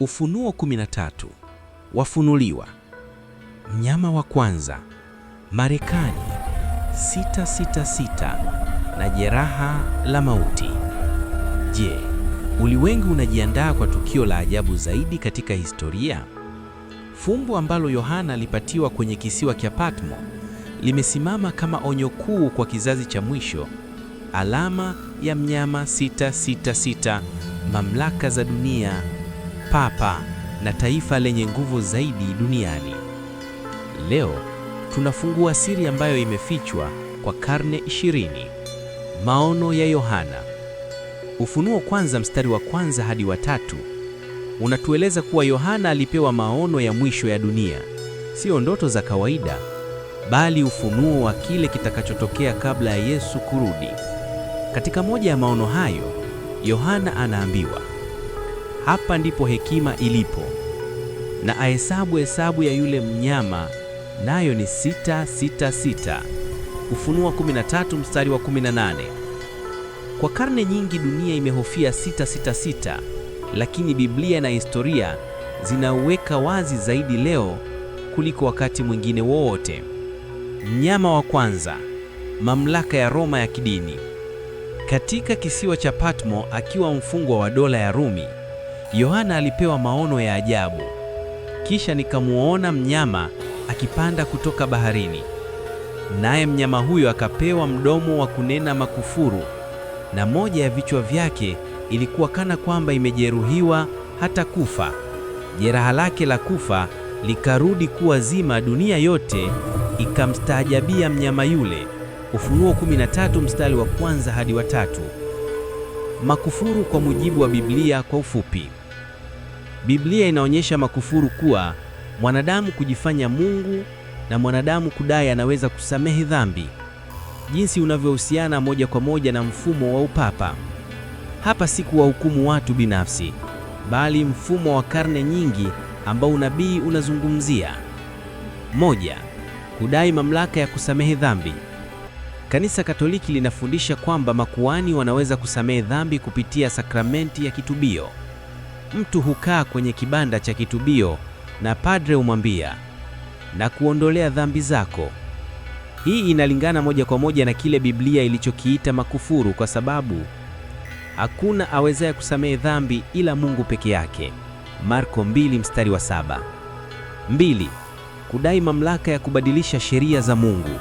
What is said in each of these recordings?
Ufunuo 13 wafunuliwa. Mnyama wa kwanza Marekani 666 na jeraha la mauti. Je, ulimwengu unajiandaa kwa tukio la ajabu zaidi katika historia? Fumbo ambalo Yohana alipatiwa kwenye kisiwa cha Patmo limesimama kama onyo kuu kwa kizazi cha mwisho, alama ya mnyama 666, mamlaka za dunia papa na taifa lenye nguvu zaidi duniani. Leo tunafungua siri ambayo imefichwa kwa karne 20. Maono ya Yohana. Ufunuo kwanza mstari wa kwanza hadi wa tatu unatueleza kuwa Yohana alipewa maono ya mwisho ya dunia, sio ndoto za kawaida, bali ufunuo wa kile kitakachotokea kabla ya Yesu kurudi. Katika moja ya maono hayo, Yohana anaambiwa hapa ndipo hekima ilipo. Na ahesabu hesabu ya yule mnyama, nayo ni sita sita sita. Ufunuo 13 mstari wa 18. Kwa karne nyingi dunia imehofia sita sita sita, lakini Biblia na historia zinaweka wazi zaidi leo kuliko wakati mwingine wowote. Mnyama wa kwanza, mamlaka ya Roma ya kidini. Katika kisiwa cha Patmo, akiwa mfungwa wa dola ya Rumi, Yohana alipewa maono ya ajabu. Kisha nikamwona mnyama akipanda kutoka baharini, naye mnyama huyo akapewa mdomo wa kunena makufuru, na moja ya vichwa vyake ilikuwa kana kwamba imejeruhiwa hata kufa. Jeraha lake la kufa likarudi kuwa zima, dunia yote ikamstaajabia mnyama yule. Ufunuo 13 mstari wa kwanza hadi wa tatu. Makufuru kwa mujibu wa Biblia kwa ufupi. Biblia inaonyesha makufuru kuwa mwanadamu kujifanya Mungu na mwanadamu kudai anaweza kusamehe dhambi, jinsi unavyohusiana moja kwa moja na mfumo wa upapa. Hapa si kuwahukumu watu binafsi, bali mfumo wa karne nyingi ambao unabii unazungumzia. Moja, kudai mamlaka ya kusamehe dhambi. Kanisa Katoliki linafundisha kwamba makuani wanaweza kusamehe dhambi kupitia sakramenti ya kitubio. Mtu hukaa kwenye kibanda cha kitubio na padre humwambia na kuondolea dhambi zako. Hii inalingana moja kwa moja na kile Biblia ilichokiita makufuru, kwa sababu hakuna awezaye kusamehe dhambi ila Mungu peke yake. Marko 2 mstari wa saba. Mbili, kudai mamlaka ya kubadilisha sheria za Mungu.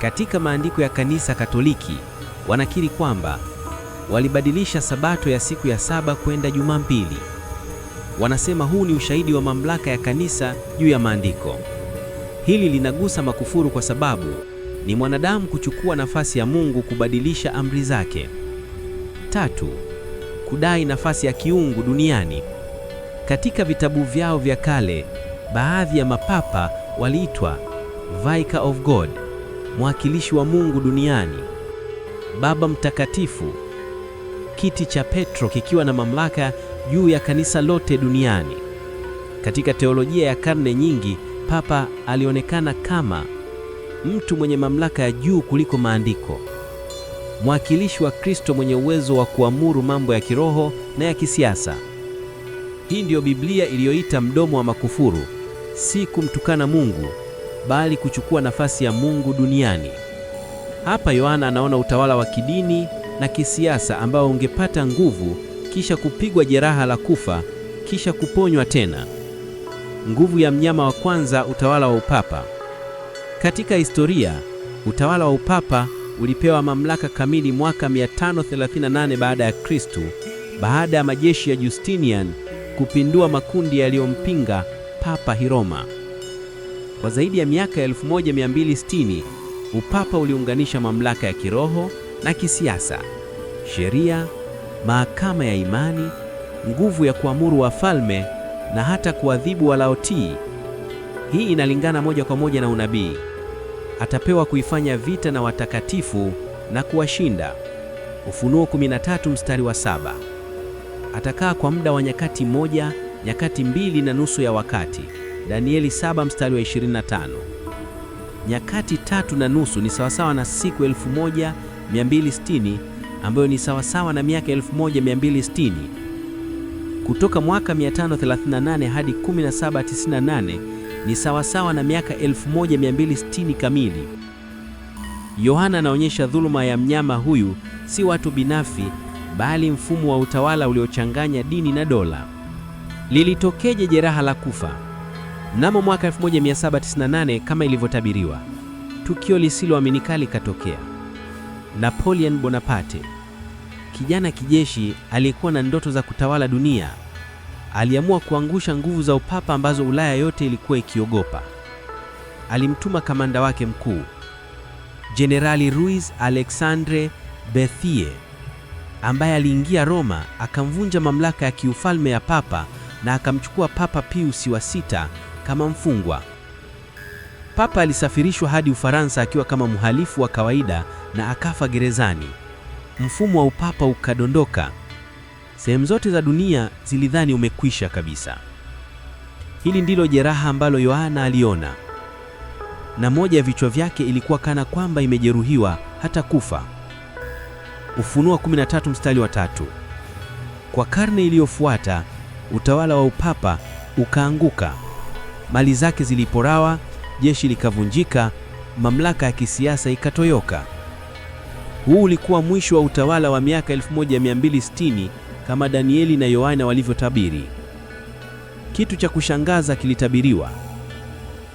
Katika maandiko ya Kanisa Katoliki wanakiri kwamba walibadilisha Sabato ya siku ya saba kwenda Jumapili. Wanasema huu ni ushahidi wa mamlaka ya kanisa juu ya maandiko. Hili linagusa makufuru kwa sababu ni mwanadamu kuchukua nafasi ya Mungu kubadilisha amri zake. Tatu, kudai nafasi ya kiungu duniani. Katika vitabu vyao vya kale, baadhi ya mapapa waliitwa Vicar of God mwakilishi wa Mungu duniani, Baba Mtakatifu, kiti cha Petro kikiwa na mamlaka juu ya kanisa lote duniani. Katika teolojia ya karne nyingi, Papa alionekana kama mtu mwenye mamlaka ya juu kuliko maandiko, mwakilishi wa Kristo mwenye uwezo wa kuamuru mambo ya kiroho na ya kisiasa. Hii ndiyo Biblia iliyoita mdomo wa makufuru, si kumtukana Mungu bali kuchukua nafasi ya Mungu duniani. Hapa Yohana anaona utawala wa kidini na kisiasa ambao ungepata nguvu kisha kupigwa jeraha la kufa kisha kuponywa tena. Nguvu ya mnyama wa kwanza, utawala wa upapa. Katika historia, utawala wa upapa ulipewa mamlaka kamili mwaka 538 baada ya Kristu, baada ya majeshi ya Justinian kupindua makundi yaliyompinga Papa Hiroma. Kwa zaidi ya miaka 1260 upapa uliunganisha mamlaka ya kiroho na kisiasa, sheria, mahakama ya imani, nguvu ya kuamuru wafalme na hata kuadhibu walaotii. Hii inalingana moja kwa moja na unabii. Atapewa kuifanya vita na watakatifu na kuwashinda. Ufunuo 13 mstari wa saba. Atakaa kwa muda wa nyakati moja, nyakati mbili na nusu ya wakati. Danieli 7 mstari wa 25. Nyakati tatu na nusu ni sawasawa na siku 1260 ambayo ni sawasawa na miaka 1260. Kutoka mwaka 538 hadi 1798 ni sawasawa na miaka 1260 kamili. Yohana anaonyesha dhuluma ya mnyama huyu si watu binafsi, bali mfumo wa utawala uliochanganya dini na dola. Lilitokeje jeraha la kufa? Mnamo mwaka 1798 kama ilivyotabiriwa, tukio lisiloaminika likatokea. Napoleon Bonaparte, kijana kijeshi aliyekuwa na ndoto za kutawala dunia, aliamua kuangusha nguvu za upapa ambazo Ulaya yote ilikuwa ikiogopa. Alimtuma kamanda wake mkuu Jenerali Ruiz Alexandre Bethie ambaye aliingia Roma akamvunja mamlaka ya kiufalme ya papa na akamchukua Papa Pius wa sita kama mfungwa. Papa alisafirishwa hadi Ufaransa akiwa kama mhalifu wa kawaida na akafa gerezani. Mfumo wa upapa ukadondoka. Sehemu zote za dunia zilidhani umekwisha kabisa. Hili ndilo jeraha ambalo Yohana aliona, na moja ya vichwa vyake ilikuwa kana kwamba imejeruhiwa hata kufa. Ufunuo 13 mstari wa tatu. Kwa karne iliyofuata utawala wa upapa ukaanguka mali zake ziliporawa, jeshi likavunjika, mamlaka ya kisiasa ikatoyoka Huu ulikuwa mwisho wa utawala wa miaka 1260 kama Danieli na Yohana walivyotabiri. Kitu cha kushangaza kilitabiriwa.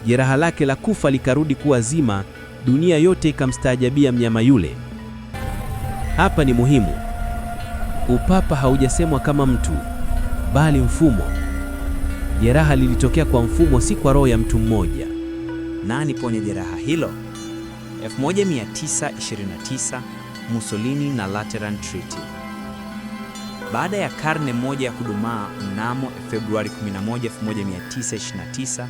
Jeraha lake la kufa likarudi kuwa zima, dunia yote ikamstaajabia mnyama yule. Hapa ni muhimu. Upapa haujasemwa kama mtu, bali mfumo. Jeraha lilitokea kwa mfumo, si kwa roho ya mtu mmoja. Nani ponye jeraha hilo? 1929 Mussolini na Lateran Treaty. Baada ya karne moja ya kudumaa, mnamo Februari 11, 1929,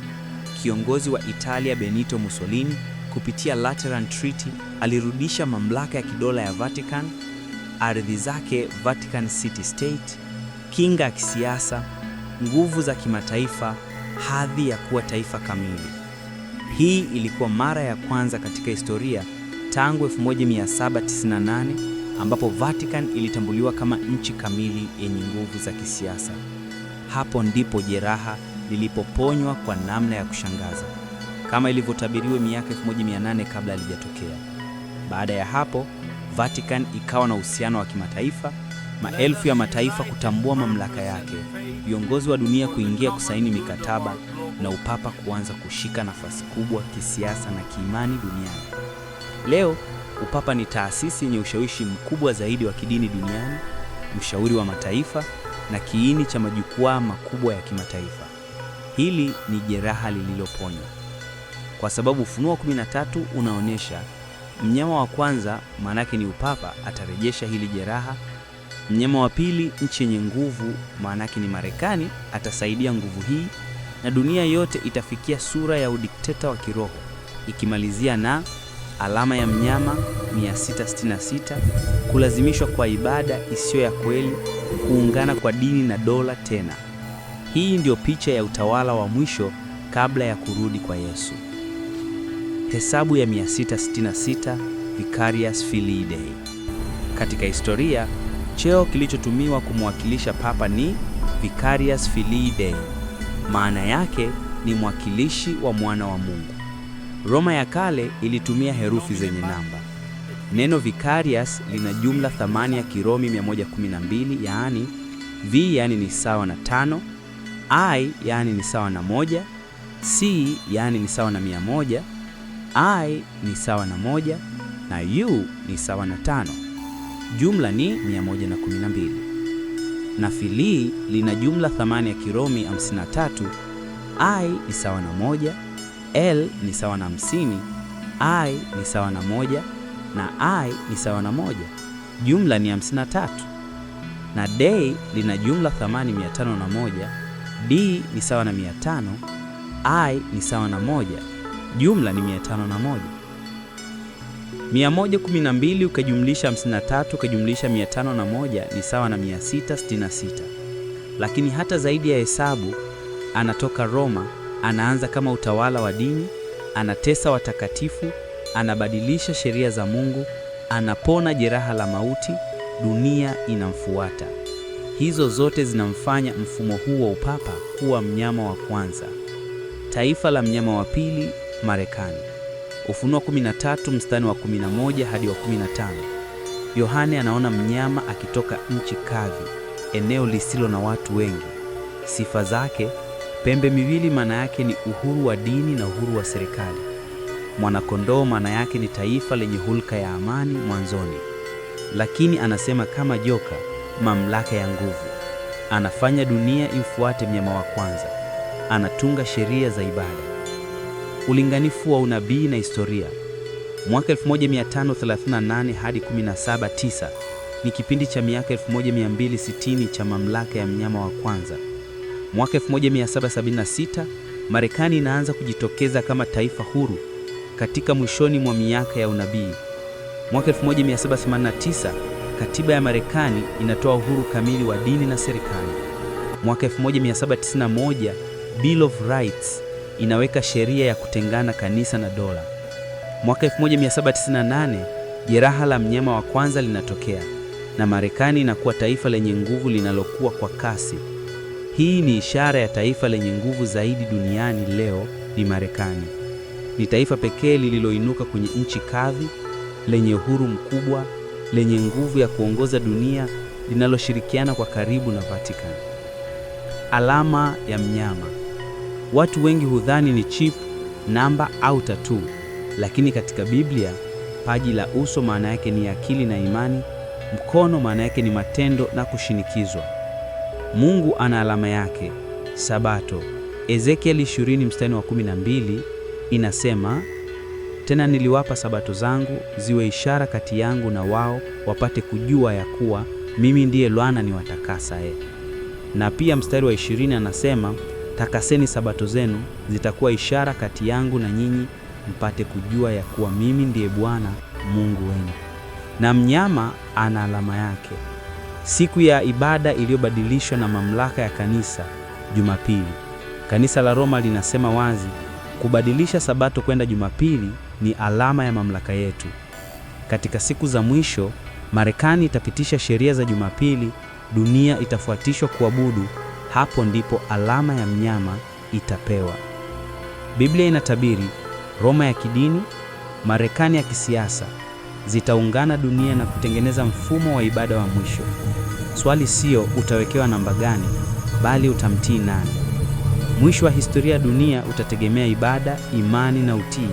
kiongozi wa Italia Benito Mussolini kupitia Lateran Treaty alirudisha mamlaka ya kidola ya Vatican, ardhi zake Vatican City State, kinga ya kisiasa nguvu za kimataifa hadhi ya kuwa taifa kamili. Hii ilikuwa mara ya kwanza katika historia tangu 1798 ambapo Vatican ilitambuliwa kama nchi kamili yenye nguvu za kisiasa. Hapo ndipo jeraha lilipoponywa kwa namna ya kushangaza kama ilivyotabiriwa miaka 1800 kabla halijatokea. Baada ya hapo, Vatican ikawa na uhusiano wa kimataifa maelfu ya mataifa kutambua mamlaka yake, viongozi wa dunia kuingia kusaini mikataba na upapa kuanza kushika nafasi kubwa kisiasa na kiimani duniani. Leo upapa ni taasisi yenye ushawishi mkubwa zaidi wa kidini duniani, mshauri wa mataifa na kiini cha majukwaa makubwa ya kimataifa. Hili ni jeraha lililoponywa, kwa sababu Ufunuo 13 unaonyesha mnyama wa kwanza, maanake ni upapa, atarejesha hili jeraha Mnyama wa pili, nchi yenye nguvu, maana yake ni Marekani, atasaidia nguvu hii na dunia yote itafikia sura ya udikteta wa kiroho, ikimalizia na alama ya mnyama 666, kulazimishwa kwa ibada isiyo ya kweli, kuungana kwa dini na dola tena. Hii ndiyo picha ya utawala wa mwisho kabla ya kurudi kwa Yesu. Hesabu ya 666, Vicarius Filii Dei. Katika historia Cheo kilichotumiwa kumwakilisha papa ni Vicarius Filii Dei, maana yake ni mwakilishi wa mwana wa Mungu. Roma ya kale ilitumia herufi zenye namba. Neno vicarius lina jumla thamani ya Kiromi 112, yaani v yaani ni sawa na 5, i yaani ni sawa na moja, c yaani ni sawa na moja, i ni sawa na moja na u ni sawa na tano jumla ni 112 na filii lina jumla thamani ya Kiromi 53. I ni sawa na moja, L ni sawa na 50, I ni sawa na moja na I ni sawa na moja, jumla ni 53 na D lina jumla thamani 501, D ni sawa na 500, I ni sawa na moja, jumla ni 501. 112 ukajumlisha 53 ukajumlisha 501 ni sawa na 666. Lakini hata zaidi ya hesabu, anatoka Roma, anaanza kama utawala wa dini, anatesa watakatifu, anabadilisha sheria za Mungu, anapona jeraha la mauti, dunia inamfuata. Hizo zote zinamfanya mfumo huu wa upapa kuwa mnyama wa kwanza, taifa la mnyama wa pili, Marekani. Ufunuo 13 mstari wa 11 hadi wa 15. Yohane anaona mnyama akitoka nchi kavu, eneo lisilo na watu wengi. Sifa zake: pembe miwili, maana yake ni uhuru wa dini na uhuru wa serikali. Mwanakondoo, maana yake ni taifa lenye hulka ya amani mwanzoni, lakini anasema kama joka, mamlaka ya nguvu. Anafanya dunia imfuate mnyama wa kwanza. Anatunga sheria za ibada. Ulinganifu wa unabii na historia. Mwaka 1538 hadi 179 ni kipindi cha miaka 1260 cha mamlaka ya mnyama wa kwanza. Mwaka 1776 Marekani inaanza kujitokeza kama taifa huru katika mwishoni mwa miaka ya unabii. Mwaka 1789 katiba ya Marekani inatoa uhuru kamili wa dini na serikali. Mwaka 1791 Bill of Rights inaweka sheria ya kutengana kanisa na dola. Mwaka 1798 jeraha la mnyama wa kwanza linatokea na Marekani inakuwa taifa lenye nguvu linalokuwa kwa kasi. Hii ni ishara ya taifa lenye nguvu zaidi duniani leo ni Marekani. Ni taifa pekee lililoinuka kwenye nchi kavu, lenye uhuru mkubwa, lenye nguvu ya kuongoza dunia, linaloshirikiana kwa karibu na Vatican. Alama ya mnyama Watu wengi hudhani ni chip, namba au tatuu, lakini katika Biblia paji la uso maana yake ni akili na imani, mkono maana yake ni matendo na kushinikizwa. Mungu ana alama yake, Sabato. Ezekieli 20 mstari wa 12 inasema, tena niliwapa sabato zangu ziwe ishara kati yangu na wao, wapate kujua ya kuwa mimi ndiye Bwana niwatakasaye. Ee. Na pia mstari wa 20 anasema Takaseni sabato zenu, zitakuwa ishara kati yangu na nyinyi, mpate kujua ya kuwa mimi ndiye Bwana Mungu wenu. Na mnyama ana alama yake. Siku ya ibada iliyobadilishwa na mamlaka ya kanisa, Jumapili. Kanisa la Roma linasema wazi, kubadilisha sabato kwenda Jumapili ni alama ya mamlaka yetu. Katika siku za mwisho, Marekani itapitisha sheria za Jumapili, dunia itafuatishwa kuabudu hapo ndipo alama ya mnyama itapewa. Biblia inatabiri Roma ya kidini, Marekani ya kisiasa zitaungana dunia na kutengeneza mfumo wa ibada wa mwisho. Swali sio utawekewa namba gani, bali utamtii nani. Mwisho wa historia ya dunia utategemea ibada, imani na utii.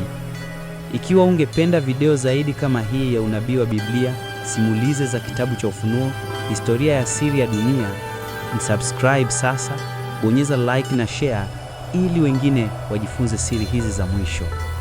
Ikiwa ungependa video zaidi kama hii ya unabii wa Biblia, simulize za kitabu cha Ufunuo, historia ya siri ya dunia Msubscribe sasa, bonyeza like na share ili wengine wajifunze siri hizi za mwisho.